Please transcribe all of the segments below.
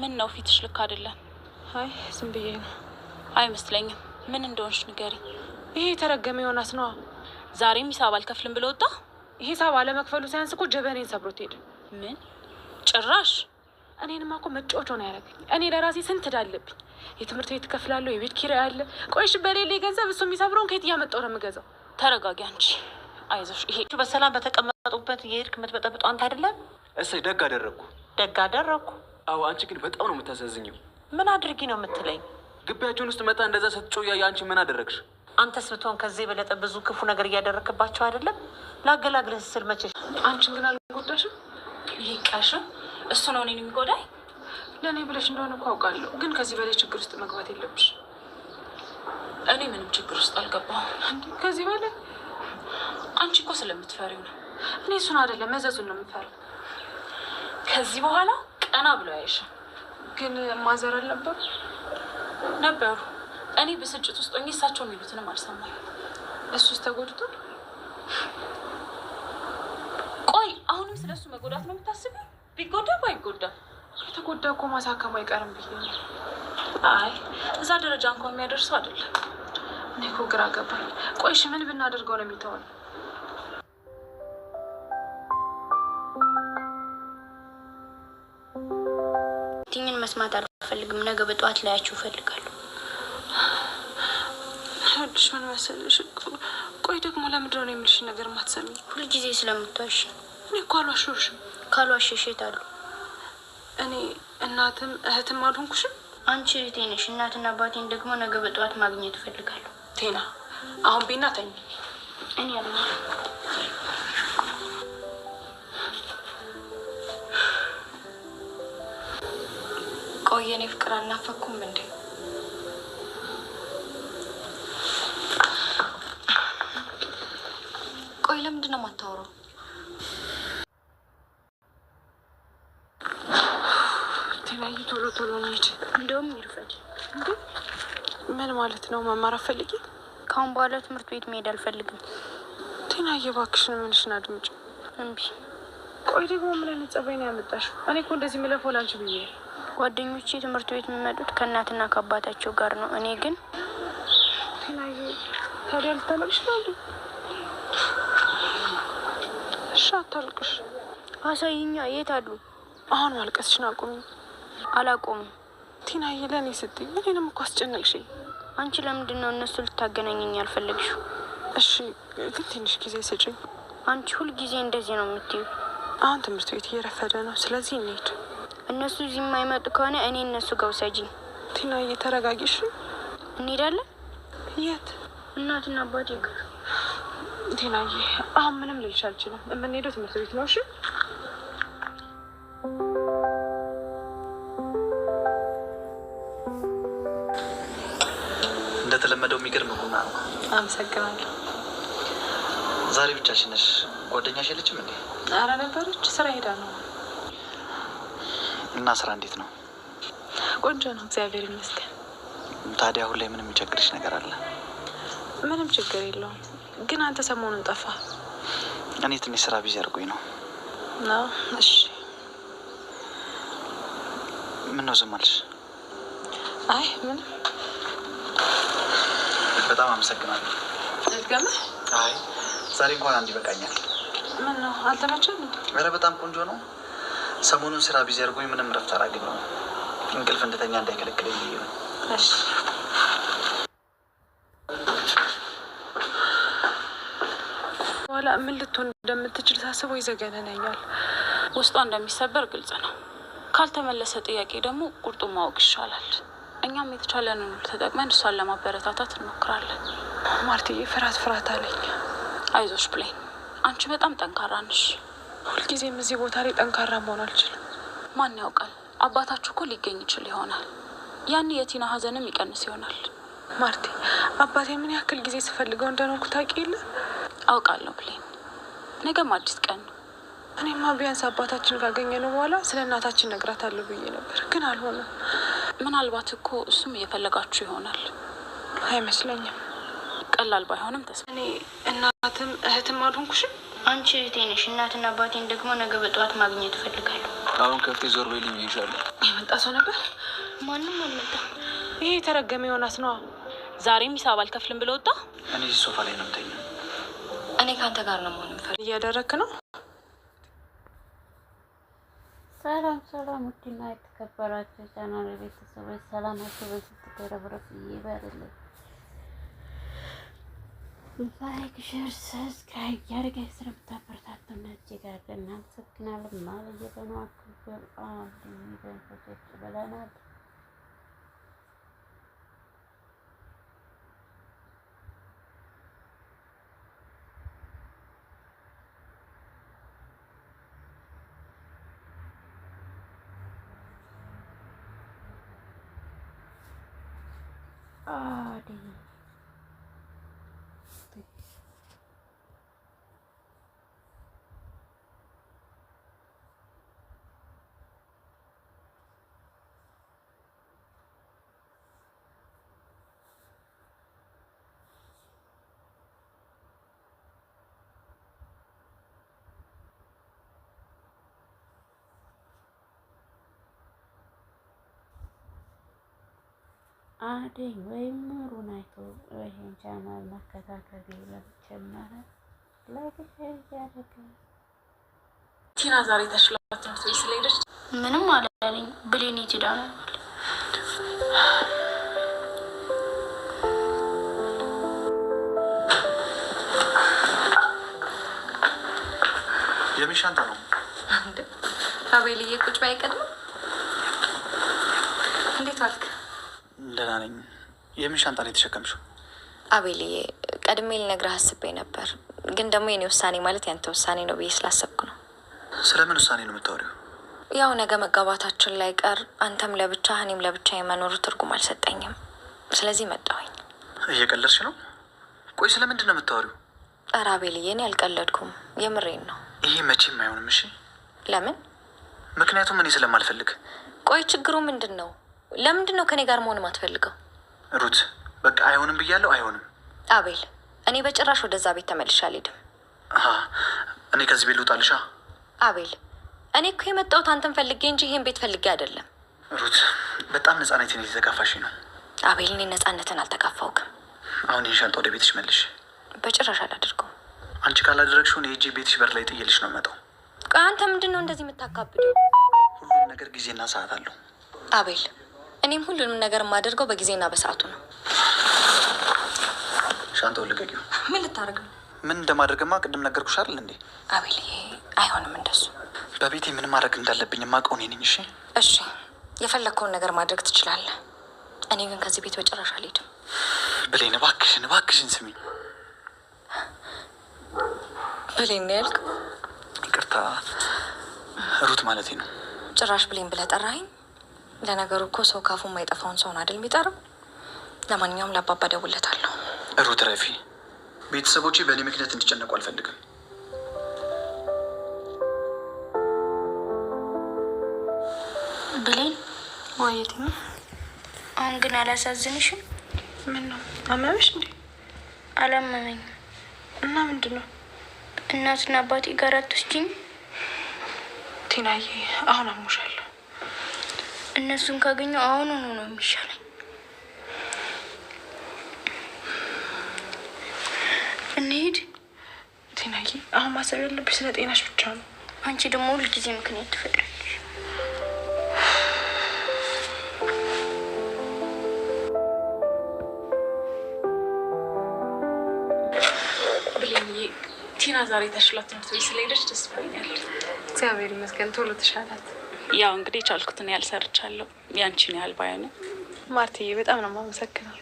ምን ነው ፊትሽ ልክ አይደለም። አይ ዝም ብዬ ነው። አይመስለኝም። ምን እንደሆንሽ ንገሪ። ይሄ የተረገመ ዮናስ ነዋ። ዛሬም ሂሳብ አልከፍልም ብሎ ወጣ። ሂሳብ አለመክፈሉ ሳያንስ እኮ ጀበኔን ሰብሮት ሄደ። ምን ጭራሽ! እኔንማ እኮ መጫወች ነው ያደረገኝ። እኔ ለራሴ ስንት ዕዳ አለብኝ። የትምህርት ቤት እከፍላለሁ፣ የቤት ኪራይ አለ። ቆይሽ በሌለ ገንዘብ እሱ የሚሰብረውን ከየት እያመጣሁ ነው የምገዛው? ተረጋጊ አንቺ፣ አይዞሽ። ይሄ በሰላም በተቀመጡበት የሄድክ የምትበጠብጠው አንተ አይደለም። እሰይ ደግ አደረግኩ፣ ደግ አደረግኩ። አዎ አንቺ ግን በጣም ነው የምታሳዝኘው። ምን አድርጊ ነው የምትለኝ? ግቢያቸውን ውስጥ መጣ እንደዛ ስትጮህ ያየ አንቺ ምን አደረግሽ? አንተስ ብትሆን ከዚህ የበለጠ ብዙ ክፉ ነገር እያደረግክባቸው አይደለም? ላገላግልህ ስል መቼ አንቺን ግን አልጎዳሽም። ይቀሽም እሱ ነው እኔን የሚጎዳኝ። ለእኔ ብለሽ እንደሆነ እኮ አውቃለሁ፣ ግን ከዚህ በላይ ችግር ውስጥ መግባት የለብሽ። እኔ ምንም ችግር ውስጥ አልገባሁም። ከዚህ በላይ አንቺ እኮ ስለምትፈሪው ነው። እኔ እሱን አይደለም መዘዙን ነው የምፈሪው ከዚህ በኋላ ቀና ብሎ ያይሽ። ግን ማዘር አልነበሩ ነበሩ። እኔ ብስጭት ውስጥ ሆኜ እሳቸው የሚሉትንም አልሰማኝ። እሱስ ተጎድቶ ቆይ፣ አሁንም ስለ እሱ መጎዳት ነው የምታስቢው? ቢጎዳ ባይጎዳ የተጎዳ እኮ ማሳከሙ አይቀርም ብዬ ነው። አይ እዛ ደረጃ እንኳን የሚያደርሰው አይደለም። እኔ እኮ ግራ ገባኝ። ቆይሽ ምን ብናደርገው ነው የሚተወው? የምትይኝን መስማት አልፈልግም። ነገ በጠዋት ላያችሁ እፈልጋለሁ። ሀዱሽ ምን መሰለሽ፣ ቆይ ደግሞ ለምንድን ነው የምልሽን ነገር ማትሰሚ? ሁልጊዜ ስለምታሽ እኔ እኮ አልዋሸሁሽም። ካልዋሸሽ የት አሉ? እኔ እናትም እህትም አልሆንኩሽም። አንቺ እህቴ ነሽ። እናትና አባቴን ደግሞ ነገ በጠዋት ማግኘት እፈልጋለሁ። ቴና አሁን ቤና ተኝ እኔ ያለ ቆየ የኔ ፍቅር አልናፈኩም እንዴ? ቆይ ለምንድን ነው የማታወራው? ተለያዩ። ቶሎ ቶሎ እንሂድ። እንደውም ይርፈጅ እንዴ? ምን ማለት ነው? መማር አፈልጊ? ከአሁን በኋላ ትምህርት ቤት መሄድ አልፈልግም። ቴናዬ እባክሽን ምንሽን አድምጪ። እምቢ። ቆይ ደግሞ ምን አይነት ጸባይ ነው ያመጣሽው? እኔ እኮ እንደዚህ ምለፈው ብዬ ጓደኞቼ ትምህርት ቤት የሚመጡት ከእናትና ከአባታቸው ጋር ነው። እኔ ግን ታዲያ ልታለቅሽ ነው እሺ አታልቅሽ። አሳይኛ። የት አሉ? አሁን ማልቀስሽን አቁሚ። አላቆምም ቲናዬ፣ ለእኔ ስትይ እኔንም እኮ አስጨነቅሽኝ። አንቺ ለምንድን ነው እነሱ ልታገናኘኝ ያልፈለግሽው? እሺ ግን ትንሽ ጊዜ ስጭኝ። አንቺ ሁልጊዜ እንደዚህ ነው የምትዩ። አሁን ትምህርት ቤት እየረፈደ ነው። ስለዚህ እንሄድ። እነሱ እዚህ የማይመጡ ከሆነ እኔ እነሱ ጋር ውሰጂኝ። ቲናዬ ተረጋጊሽ። እንሄዳለን። የት? እናትና አባቴ ጋር። ቲናዬ አሁን ምንም ልልሽ አልችልም። የምንሄደው ትምህርት ቤት ነው። እሺ እንደተለመደው የሚገርም ቡና ነው። አመሰግናለሁ። ዛሬ ብቻሽን ነሽ? ጓደኛሽ የለችም እንዴ? አረ ነበረች፣ ስራ ሄዳ ነው እና ስራ እንዴት ነው? ቆንጆ ነው፣ እግዚአብሔር ይመስገን። ታዲያ አሁን ላይ ምንም የሚቸግርሽ ነገር አለ? ምንም ችግር የለውም። ግን አንተ ሰሞኑን ጠፋ። እኔ ትንሽ ስራ ቢዚ አድርጎኝ ነው። እሺ። ምን ነው ዝም አልሽ? አይ ምንም። በጣም አመሰግናለሁ። ገመ አይ ዛሬ እንኳን አንድ ይበቃኛል። ምን ነው አልተመቸም? ኧረ በጣም ቆንጆ ነው። ሰሞኑን ስራ ቢዚ አድርጎኝ ምንም ረፍት አላገኘሁም። እንቅልፍ እንደተኛ እንዳይከለክለኝ ብዬ ነው። በኋላ ምን ልትሆን እንደምትችል ሳስበው ይዘገነነኛል። ውስጧ እንደሚሰበር ግልጽ ነው። ካልተመለሰ ጥያቄ ደግሞ ቁርጡ ማወቅ ይሻላል። እኛም የተቻለንን ተጠቅመን እሷን ለማበረታታት እንሞክራለን። ማርትዬ፣ ፍርሃት ፍርሃት አለኝ። አይዞሽ ብሌን፣ አንቺ በጣም ጠንካራ ነሽ። ሁልጊዜም እዚህ ቦታ ላይ ጠንካራ መሆን አልችልም። ማን ያውቃል፣ አባታችሁ እኮ ሊገኝ ይችል ይሆናል። ያን የቲና ሀዘንም ይቀንስ ይሆናል። ማርቴ፣ አባቴ ምን ያክል ጊዜ ስፈልገው እንደኖርኩ ታውቂ የለ? አውቃለሁ ብሌን፣ ነገም አዲስ ቀን ነው። እኔማ ቢያንስ አባታችን ካገኘነው በኋላ ስለ እናታችን ነግራታለሁ ብዬ ነበር፣ ግን አልሆነም። ምናልባት እኮ እሱም እየፈለጋችሁ ይሆናል። አይመስለኝም። ቀላል ባይሆንም ተስፋ እኔ እናትም እህትም አልሆንኩሽም። አንቺ እህቴ ነሽ። እናትና አባቴን ደግሞ ነገ በጠዋት ማግኘት እፈልጋለሁ። አሁን ከፍቴ ዞር በይልኝ ይሻለሁ። የመጣ ሰው ነበር? ማንም አልመጣም። ይሄ የተረገመ ዮናስ ነዋ። ዛሬም ሂሳብ አልከፍልም ብለ ወጣ። እኔ ሶፋ ላይ ነው የምተኛው። እኔ ከአንተ ጋር ነው መሆን ፈል እያደረክ ነው። ሰላም ሰላም፣ ውድና የተከበራችሁ ቻናል ቤተሰቦች ሰላማችሁ በዚህ ትገረብረት ይበርልኝ ላይክ፣ ሼር፣ ሰብስክራይብ ያደርጋችሁ ስለምታበረታቱን እጅግ አድርገን እናመሰግናለን። ማለየተነው አክብር አንድ ሚደንሶች ብለናል። አዲ አደይ ወይም ኑሩን አይቶ ይህን ቻናል መከታተል ለጀመረ ላይክ እያደረገ ቲና ዛሬ ተሽሏት ትምህርት ቤት ስለሄደች ምንም አላለኝ ብሌን ሄዳ ነው የሚሻንታ ነው አቤልዬ ቁጭ ባይቀድም እንዴት አልክ? ደህና ነኝ። የምን ሻንጣ ነው የተሸከምሽው? አቤልዬ፣ ቀድሜ ልነግርህ አስቤ ነበር፣ ግን ደግሞ የኔ ውሳኔ ማለት ያንተ ውሳኔ ነው ብዬ ስላሰብኩ ነው። ስለምን ውሳኔ ነው የምታወሪው? ያው ነገ መጋባታችን ላይ ቀር አንተም ለብቻ እኔም ለብቻ የመኖሩ ትርጉም አልሰጠኝም። ስለዚህ መጣሁኝ። እየቀለድሽ ነው? ቆይ ስለምንድን ነው የምታወሪው? ኧረ አቤልዬ፣ እኔ አልቀለድኩም፣ የምሬን ነው። ይሄ መቼም አይሆንም። እሺ ለምን? ምክንያቱም እኔ ስለማልፈልግ። ቆይ ችግሩ ምንድን ነው? ለምንድን ነው ከኔ ጋር መሆን የማትፈልገው? ሩት በቃ አይሆንም ብያለሁ። አይሆንም አቤል፣ እኔ በጭራሽ ወደዛ ቤት ተመልሼ አልሄድም። እኔ ከዚህ ቤት ልውጣልሻ። አቤል፣ እኔ እኮ የመጣሁት አንተን ፈልጌ እንጂ ይህን ቤት ፈልጌ አይደለም። ሩት፣ በጣም ነጻነትን የተጋፋሽ ነው። አቤል፣ እኔ ነጻነትን አልተጋፋውክም። አሁን ይህን ሻንጣ ወደ ቤትሽ መልሽ። በጭራሽ አላደርገውም። አንቺ ካላደረግሽ ሆነ ቤትሽ በር ላይ ጥየልሽ ነው መጣው። አንተ ምንድን ነው እንደዚህ የምታካብደው? ሁሉም ነገር ጊዜና ሰዓት አለው አቤል እኔም ሁሉንም ነገር የማደርገው በጊዜና በሰዓቱ ነው። ሻንጣውን ልቀቂው። ምን ልታደርግ ነው? ምን እንደማደርግማ ቅድም ነገርኩሽ አይደል እንዴ? አቤል፣ አይሆንም እንደሱ። በቤቴ ምን ማድረግ እንዳለብኝ የማውቀው እኔ ነኝ። እሺ፣ እሺ፣ የፈለግከውን ነገር ማድረግ ትችላለህ። እኔ ግን ከዚህ ቤት በጭራሽ አልሄድም። ብሌን፣ እባክሽን፣ እባክሽን ስሚ። ብሌን ነው ያልክ? ይቅርታ ሩት ማለት ነው። ጭራሽ ብሌን ብለህ ጠራኸኝ? ለነገሩ እኮ ሰው ካፉ የማይጠፋውን ሰውን አይደል የሚጠራው። ለማንኛውም ለአባባ ደውለታለሁ። ሩት ረፊ፣ ቤተሰቦቼ በእኔ ምክንያት እንዲጨነቁ አልፈልግም። ብሌን ማየት ነው። አሁን ግን አላሳዝንሽም? ምን ነው አመመሽ እንዴ? አላመመኝም። እና ምንድን ነው እናትና አባቴ ጋር አትወስጂኝ? ቲናዬ፣ አሁን አሞሻል እነሱን ካገኘው ሆኖ ነው የሚሻለኝ። እንሄድ ቴናዬ፣ አሁን ማሰብ ያለብሽ ስለ ጤናሽ ብቻ ነው። አንቺ ደግሞ ሁልጊዜ ምክንያት ትፈጥራለሽ። ቲና ዛሬ ተሽሏት ትምህርት ቤት ስለሄደች ደስ ብሎኛል። እግዚአብሔር ይመስገን ቶሎ ተሻላት። ያው እንግዲህ የቻልኩትን ያህል ሰርቻለሁ። ያንቺን ያህል ባይ ነው። ማርትዬ በጣም ነው የማመሰግነው።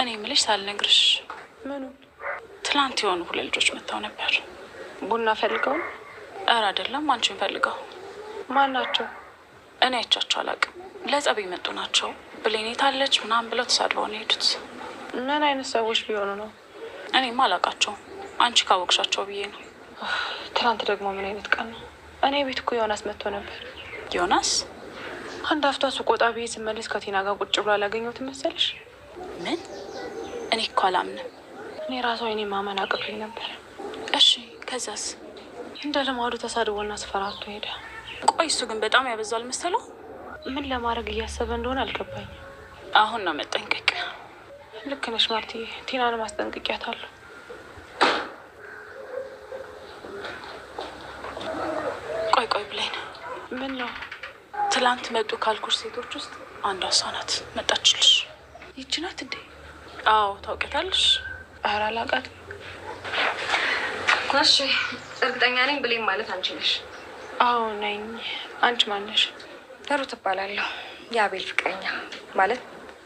እኔ የምልሽ ሳልነግርሽ ምኑ ትላንት የሆኑ ሁለት ልጆች መጥተው ነበር። ቡና ፈልገው? ኧረ አይደለም፣ አንቺን ፈልገው። ማን ናቸው? እኔ አይቻቸው አላውቅም። ለጸብ የመጡ ናቸው። ብሌኔ ታለች ምናምን ብለው ተሳድበው ነው የሄዱት። ምን አይነት ሰዎች ቢሆኑ ነው? እኔም አላውቃቸውም። አንቺ ካወቅሻቸው ብዬ ነው። ትናንት ደግሞ ምን አይነት ቀን ነው? እኔ ቤት እኮ ዮናስ መጥቶ ነበር። ዮናስ አንድ አፍታ ሱቆጣ ብዬ ስመለስ ከቴና ጋር ቁጭ ብሎ አላገኘሁትም መሰለሽ። ምን? እኔ እኮ አላምንም። እኔ ራሱ አይኔ ማመን አቅቶኝ ነበር። እሺ፣ ከዛስ? እንደ ልማዱ ተሳድቦና ስፈራቶ ሄደ። ቆይ እሱ ግን በጣም ያበዛል መሰለው። ምን ለማድረግ እያሰበ እንደሆነ አልገባኝም። አሁን ነው መጠንቀቅ። ልክ ነሽ ማርትዬ፣ ቴናንም አስጠንቅቂያታለሁ። ምን ነው ትላንት መጡ ካልኩሽ ሴቶች ውስጥ አንዷ እሷ ናት። መጣችልሽ። ይቺ ናት እንዴ? አዎ፣ ታውቂያታለሽ? ኧረ አላውቃትም። እሺ፣ እርግጠኛ ነኝ ብሌን ማለት አንቺ ነሽ? አዎ ነኝ። አንቺ ማነሽ? ተሩ ትባላለሁ። የአቤል ፍቅረኛ ማለት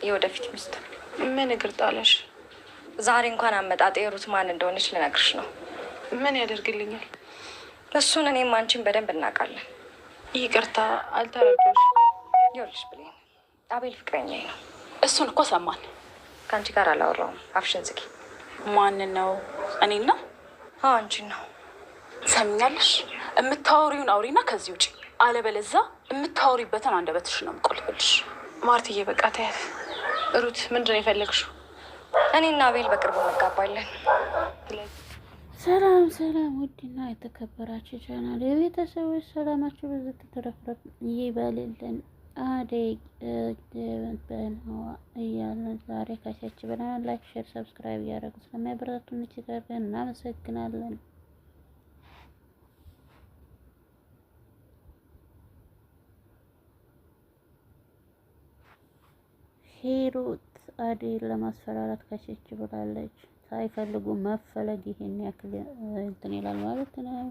የወደፊት ሚስት። ምን እግር ጣለሽ? ዛሬ እንኳን አመጣጤ ሩት ማን እንደሆነች ልነግርሽ ነው። ምን ያደርግልኛል? እሱን እኔም አንቺን በደንብ እናውቃለን። ይቅርታ አልተረዳሁሽ። ይኸውልሽ ብሌን፣ አቤል ፍቅረኛ ነው። እሱን እኮ ሰማን። ከአንቺ ጋር አላወራውም። አፍሽን ዝጊ። ማንን ነው? እኔና አንቺን ነው። ሰሚኛለሽ? የምታወሪውን አውሪና ከዚህ ውጭ አለበለዛ የምታወሪበትን አንደበትሽ ነው የምቆልፍልሽ። ማርትዬ በቃ ተያት። ሩት ምንድን ነው የፈለግሽው? እኔና አቤል በቅርቡ እንጋባለን። ሰላም ሰላም ውድና የተከበራችሁ ቻናል የቤተሰቦች ሰላማችሁ ብዙ ተተረፍረፍ ይበልልን። አደይ በንዋ እያለን ዛሬ ከሰች ብለናል። ላይክ፣ ሼር፣ ሰብስክራይብ እያደረጉ ስለማይበረታቱ እንችላለን። እናመሰግናለን። ሂሩት አደይን ለማስፈራራት ከሰች ብላለች። ሳይፈልጉ መፈለግ ይሄን ያክል እንትን ይላል ማለት ነው።